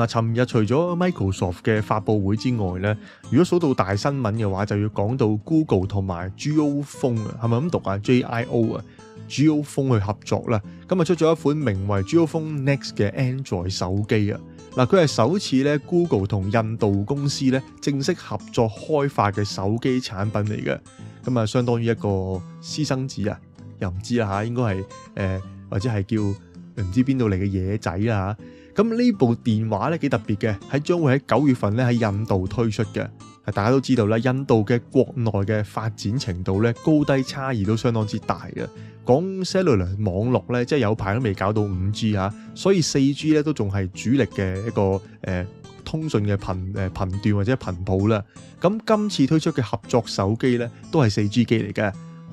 嗱，尋日除咗 Microsoft 嘅發布會之外咧，如果數到大新聞嘅話，就要講到 Google 同埋 Jio Phone 啊，係咪咁讀啊？Jio 啊，Jio Phone 去合作啦。咁啊出咗一款名為 Jio Phone Next 嘅 Android 手機啊。嗱，佢係首次咧 Google 同印度公司咧正式合作開發嘅手機產品嚟嘅。咁啊，相當於一個私生子啊，又唔知啦嚇，應該係、呃、或者係叫唔知邊度嚟嘅野仔啊咁呢部電話咧幾特別嘅，係將會喺九月份咧喺印度推出嘅。大家都知道咧，印度嘅國內嘅發展程度咧高低差異都相當之大嘅。講 cellular 網絡咧，即係有排都未搞到五 G 吓，所以四 G 咧都仲係主力嘅一個誒、呃、通訊嘅頻誒頻段或者頻譜啦。咁今次推出嘅合作手機咧都係四 G 機嚟嘅，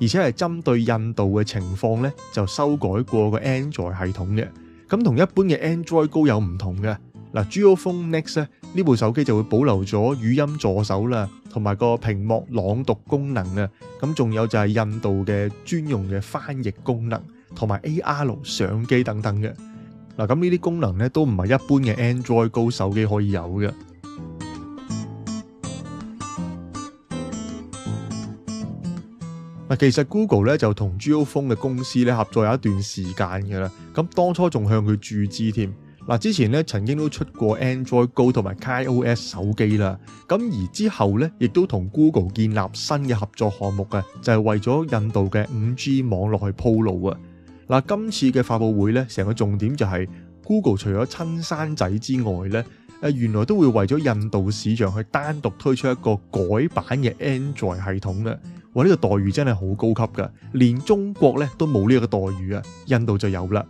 而且係針對印度嘅情況咧就修改過個 Android 系統嘅。咁同一般嘅 Android Go 有唔同嘅，嗱，JioPhone Next 咧呢部手機就會保留咗語音助手啦，同埋個屏幕朗讀功能啊，咁仲有就係印度嘅專用嘅翻譯功能，同埋 AR 相機等等嘅，嗱，咁呢啲功能咧都唔係一般嘅 Android Go 手機可以有嘅。嗱，其實 Google 咧就同 Jio Phone 嘅公司咧合作有一段時間嘅啦，咁當初仲向佢注資添。嗱，之前咧曾經都出過 Android Go 同埋 KaiOS 手機啦，咁而之後咧亦都同 Google 建立新嘅合作項目啊，就係為咗印度嘅 5G 網絡去鋪路啊。嗱，今次嘅發佈會咧，成個重點就係 Google 除咗親生仔之外咧，誒原來都會為咗印度市場去單獨推出一個改版嘅 Android 系統啦。我呢個待遇真係好高級噶連中國都冇呢一個待遇啊，印度就有啦。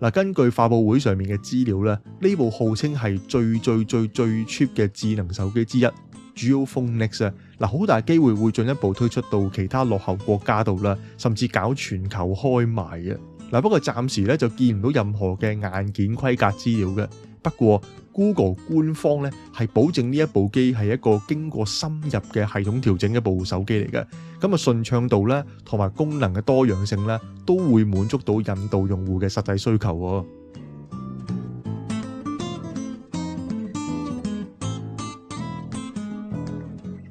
嗱，根據發佈會上面嘅資料咧，呢部號稱係最最最最 cheap 嘅智能手機之一，主要 PhoneX 啊，嗱，好大機會會進一步推出到其他落後國家度啦，甚至搞全球開賣啊。嗱，不過暫時咧就見唔到任何嘅硬件規格資料嘅，不過。Google 官方，咧係保證呢一部機係一個經過深入嘅系統調整一部手機嚟嘅，咁啊順暢度啦，同埋功能嘅多樣性啦，都會滿足到印度用戶嘅實際需求喎。